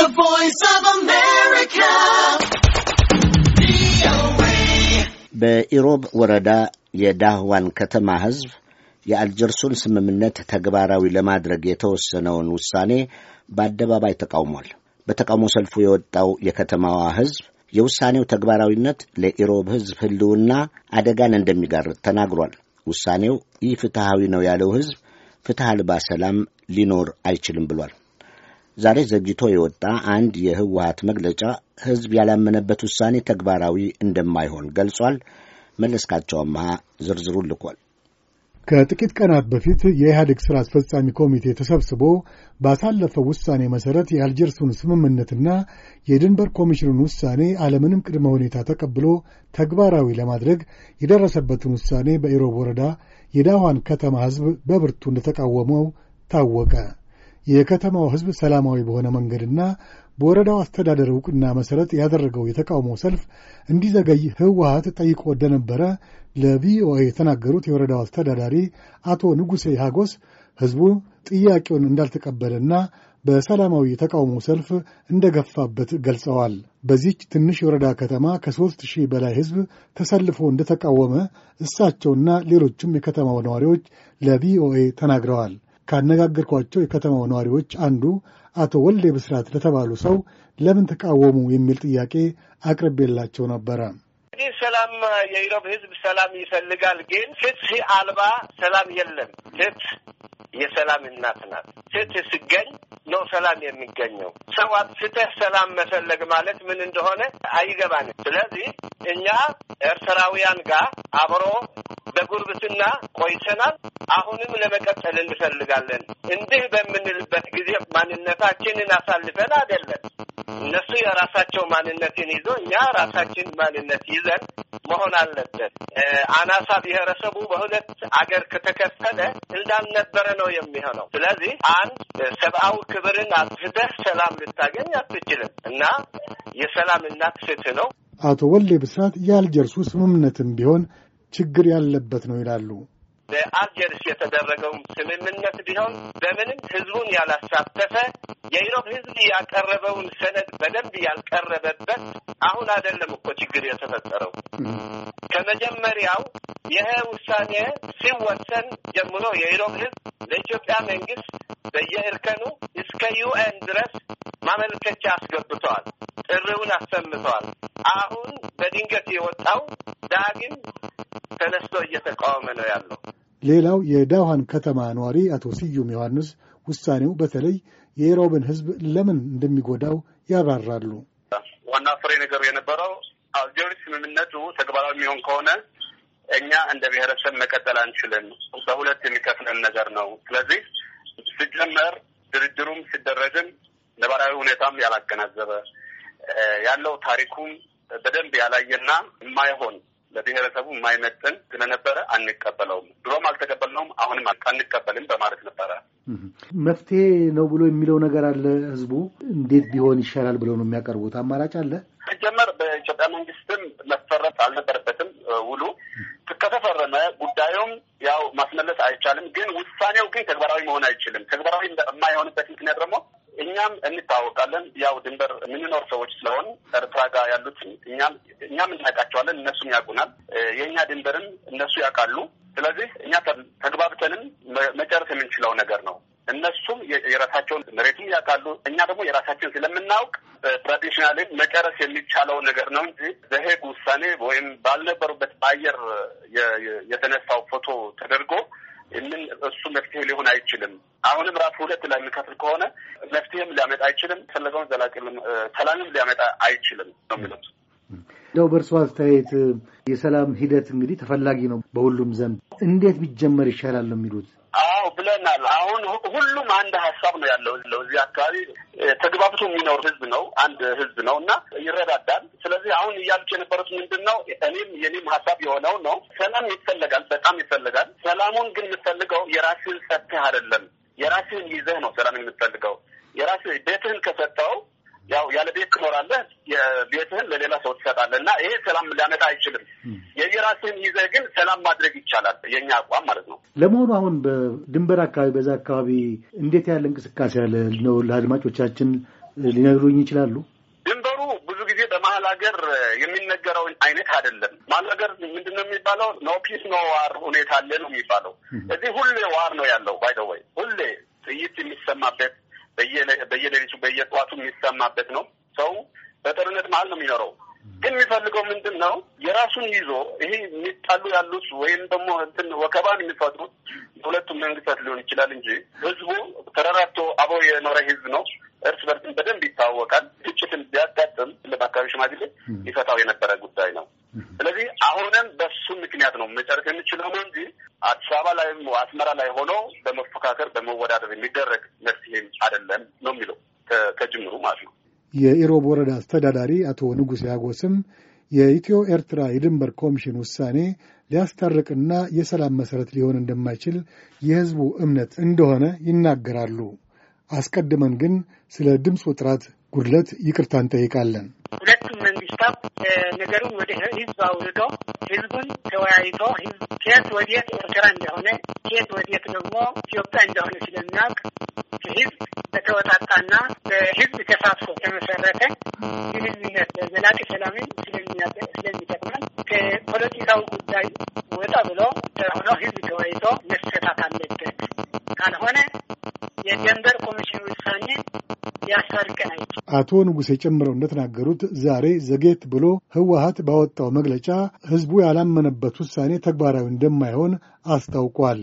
The Voice of America. በኢሮብ ወረዳ የዳህዋን ከተማ ህዝብ የአልጀርሱን ስምምነት ተግባራዊ ለማድረግ የተወሰነውን ውሳኔ በአደባባይ ተቃውሟል። በተቃውሞ ሰልፉ የወጣው የከተማዋ ህዝብ የውሳኔው ተግባራዊነት ለኢሮብ ህዝብ ህልውና አደጋን እንደሚጋርጥ ተናግሯል። ውሳኔው ይህ ፍትሐዊ ነው ያለው ህዝብ ፍትሕ አልባ ሰላም ሊኖር አይችልም ብሏል። ዛሬ ዘግይቶ የወጣ አንድ የህወሀት መግለጫ ህዝብ ያላመነበት ውሳኔ ተግባራዊ እንደማይሆን ገልጿል። መለስካቸው አመሃ ዝርዝሩን ልኳል። ከጥቂት ቀናት በፊት የኢህአዴግ ሥራ አስፈጻሚ ኮሚቴ ተሰብስቦ ባሳለፈው ውሳኔ መሠረት የአልጀርሱን ስምምነትና የድንበር ኮሚሽኑን ውሳኔ አለምንም ቅድመ ሁኔታ ተቀብሎ ተግባራዊ ለማድረግ የደረሰበትን ውሳኔ በኢሮብ ወረዳ የዳዋን ከተማ ሕዝብ በብርቱ እንደተቃወመው ታወቀ። የከተማው ሕዝብ ሰላማዊ በሆነ መንገድና በወረዳው አስተዳደር ዕውቅና መሠረት ያደረገው የተቃውሞ ሰልፍ እንዲዘገይ ህወሀት ጠይቆ እንደነበረ ለቪኦኤ የተናገሩት የወረዳው አስተዳዳሪ አቶ ንጉሴ ሃጎስ ሕዝቡ ጥያቄውን እንዳልተቀበለና በሰላማዊ የተቃውሞ ሰልፍ እንደገፋበት ገልጸዋል። በዚች ትንሽ የወረዳ ከተማ ከሦስት ሺህ በላይ ሕዝብ ተሰልፎ እንደተቃወመ እሳቸውና ሌሎችም የከተማው ነዋሪዎች ለቪኦኤ ተናግረዋል። ካነጋገርኳቸው የከተማው ነዋሪዎች አንዱ አቶ ወልዴ ብስራት ለተባሉ ሰው ለምን ተቃወሙ የሚል ጥያቄ አቅርቤላቸው ነበረ። እንግዲህ ሰላም የኢሮብ ህዝብ ሰላም ይፈልጋል። ግን ፍትህ አልባ ሰላም የለም። ፍትህ የሰላም እናት ናት። ፍትህ ሲገኝ ነው ሰላም የሚገኘው። ሰው ፍትህ ሰላም መፈለግ ማለት ምን እንደሆነ አይገባንም። ስለዚህ እኛ ኤርትራውያን ጋር አብሮ በጉርብትና ቆይተናል። አሁንም ለመቀጠል እንፈልጋለን። እንዲህ በምንልበት ጊዜ ማንነታችንን አሳልፈን አይደለም። እነሱ የራሳቸው ማንነትን ይዞ እኛ ራሳችን ማንነት ይዘን መሆን አለበት። አናሳ ብሔረሰቡ በሁለት አገር ከተከፈለ እንዳልነበረ ነው የሚሆነው። ስለዚህ አንድ ሰብአዊ ክብርን አትህደህ ሰላም ልታገኝ አትችልም እና የሰላም እናት ፍትህ ነው። አቶ ወሌ ብስራት የአልጀርሱ ስምምነትም ቢሆን ችግር ያለበት ነው ይላሉ። በአልጀርስ የተደረገው ስምምነት ቢሆን በምንም ህዝቡን ያላሳተፈ የኢሮብ ህዝብ ያቀረበውን ሰነድ በደንብ ያልቀረበበት አሁን አይደለም እኮ ችግር የተፈጠረው። ከመጀመሪያው ይህ ውሳኔ ሲወሰን ጀምሮ የኢሮብ ህዝብ ለኢትዮጵያ መንግስት በየእርከኑ እስከ ዩኤን ድረስ ማመልከቻ አስገብተዋል። ጥሪውን አሰምተዋል። አሁን በድንገት የወጣው ዳግም ተነስቶ እየተቃወመ ነው ያለው። ሌላው የዳውሃን ከተማ ነዋሪ አቶ ስዩም ዮሐንስ ውሳኔው በተለይ የኢሮብን ሕዝብ ለምን እንደሚጎዳው ያብራራሉ። ዋና ፍሬ ነገሩ የነበረው አልጀርስ ስምምነቱ ተግባራዊ የሚሆን ከሆነ እኛ እንደ ብሔረሰብ መቀጠል አንችልም። በሁለት የሚከፍለን ነገር ነው። ስለዚህ ሲጀመር ድርድሩም ሲደረግም ነባራዊ ሁኔታም ያላገናዘበ ያለው ታሪኩም በደንብ ያላየና የማይሆን ለብሔረሰቡ የማይመጥን ስለነበረ አንቀበለውም። ድሮም አልተቀበልነውም፣ አሁንም አንቀበልም በማለት ነበረ። መፍትሄ ነው ብሎ የሚለው ነገር አለ። ህዝቡ እንዴት ቢሆን ይሻላል ብለው ነው የሚያቀርቡት። አማራጭ አለ። ሲጀመር በኢትዮጵያ መንግስትም መፈረት አልነበረበትም ውሉ ከተፈረመ ጉዳዩም ያው ማስመለስ አይቻልም። ግን ውሳኔው ግን ተግባራዊ መሆን አይችልም። ተግባራዊ የማይሆንበት ምክንያት ደግሞ እኛም እንታወቃለን። ያው ድንበር የምንኖር ሰዎች ስለሆን ኤርትራ ጋር ያሉት እኛም እኛም እናውቃቸዋለን፣ እነሱም ያውቁናል። የእኛ ድንበርም እነሱ ያውቃሉ። ስለዚህ እኛ ተግባብተንም መጨረስ የምንችለው ነገር ነው። እነሱም የራሳቸውን መሬቱም ያውቃሉ፣ እኛ ደግሞ የራሳችን ስለምናውቅ ትራዲሽናል መጨረስ የሚቻለው ነገር ነው እንጂ በሄግ ውሳኔ ወይም ባልነበሩበት በአየር የተነሳው ፎቶ ተደርጎ ምን እሱ መፍትሄ ሊሆን አይችልም። አሁንም ራሱ ሁለት ላይ የምንከፍል ከሆነ መፍትሄም ሊያመጣ አይችልም። ፈለገውን ዘላቂ ሰላምም ሊያመጣ አይችልም ነው የሚሉት። እንደው በእርሶ አስተያየት የሰላም ሂደት እንግዲህ ተፈላጊ ነው በሁሉም ዘንድ እንዴት ቢጀመር ይሻላል ነው የሚሉት? አዎ ብለናል። አሁን ሁሉም አንድ ሀሳብ ነው ያለው። ለው እዚህ አካባቢ ተግባብቶ የሚኖር ህዝብ ነው፣ አንድ ህዝብ ነው እና ይረዳዳል። ስለዚህ አሁን እያሉት የነበሩት ምንድን ነው? እኔም የኔም ሀሳብ የሆነው ነው። ሰላም ይፈለጋል፣ በጣም ይፈልጋል። ሰላሙን ግን የምትፈልገው የራስህን ሰጥተህ አይደለም፣ የራስህን ይዘህ ነው ሰላም የምትፈልገው። የራስህ ቤትህን ከሰ ያው ያለ ቤት ትኖራለህ፣ ቤትህን ለሌላ ሰው ትሰጣለህ እና ይሄ ሰላም ሊያመጣ አይችልም። የየራስህን ይዘህ ግን ሰላም ማድረግ ይቻላል፣ የእኛ አቋም ማለት ነው። ለመሆኑ አሁን በድንበር አካባቢ በዛ አካባቢ እንዴት ያለ እንቅስቃሴ ያለ ነው? ለአድማጮቻችን ሊነግሩኝ ይችላሉ? ድንበሩ ብዙ ጊዜ በመሀል ሀገር የሚነገረው አይነት አይደለም። መሀል ሀገር ምንድን ነው የሚባለው? ኖ ፒስ ኖ ዋር ሁኔታ አለ ነው የሚባለው። እዚህ ሁሌ ዋር ነው ያለው። ባይደወይ ሁሌ ጥይት የሚሰማበት በየሌሊቱ በየጠዋቱ የሚሰማበት ነው። ሰው በጦርነት መሀል ነው የሚኖረው። ግን የሚፈልገው ምንድን ነው? የራሱን ይዞ ይሄ የሚጣሉ ያሉት ወይም ደግሞ እንትን ወከባን የሚፈጥሩት የሁለቱም መንግስታት ሊሆን ይችላል እንጂ ህዝቡ ተረራቶ አብሮ የኖረ ህዝብ ነው። እርስ በርስም በደንብ ይታወቃል። ግጭትን ቢያጋጥም ለአካባቢ ሽማግሌ ይፈታው የነበረ ጉዳይ ነው። ስለዚህ አሁንም በሱ ምክንያት ነው መጨረስ የምችለው ነው እንጂ አዲስ አበባ ላይ አስመራ ላይ ሆኖ በመፎካከር በመወዳደር የሚደረግ መፍትሄም አይደለም ነው የሚለው ከጅምሩ ማለት ነው። የኢሮብ ወረዳ አስተዳዳሪ አቶ ንጉሥ ያጎስም የኢትዮ ኤርትራ የድንበር ኮሚሽን ውሳኔ ሊያስታርቅና የሰላም መሰረት ሊሆን እንደማይችል የሕዝቡ እምነት እንደሆነ ይናገራሉ። አስቀድመን ግን ስለ ድምፁ ጥራት ጉድለት ይቅርታ እንጠይቃለን። ፖለቲካ ነገሩን ወደ ህዝብ አውርዶ ህዝቡን ተወያይቶ ህዝብ ከየት ወዴት ኤርትራ እንደሆነ ከየት ወዴት ደግሞ ኢትዮጵያ እንደሆነ ስለሚያውቅ ህዝብ በተወጣጣና በህዝብ ተሳትፎ ተመሰረተ ግንኙነት በዘላቂ ሰላምን ስለሚጠቅማል ከፖለቲካው ጉዳይ ወጣ ብሎ ሆኖ ህዝብ ተወያይቶ መሰታት አለበት። ካልሆነ የደንበር አቶ ንጉሴ ጨምረው እንደተናገሩት ዛሬ ዘጌት ብሎ ህወሀት ባወጣው መግለጫ ህዝቡ ያላመነበት ውሳኔ ተግባራዊ እንደማይሆን አስታውቋል።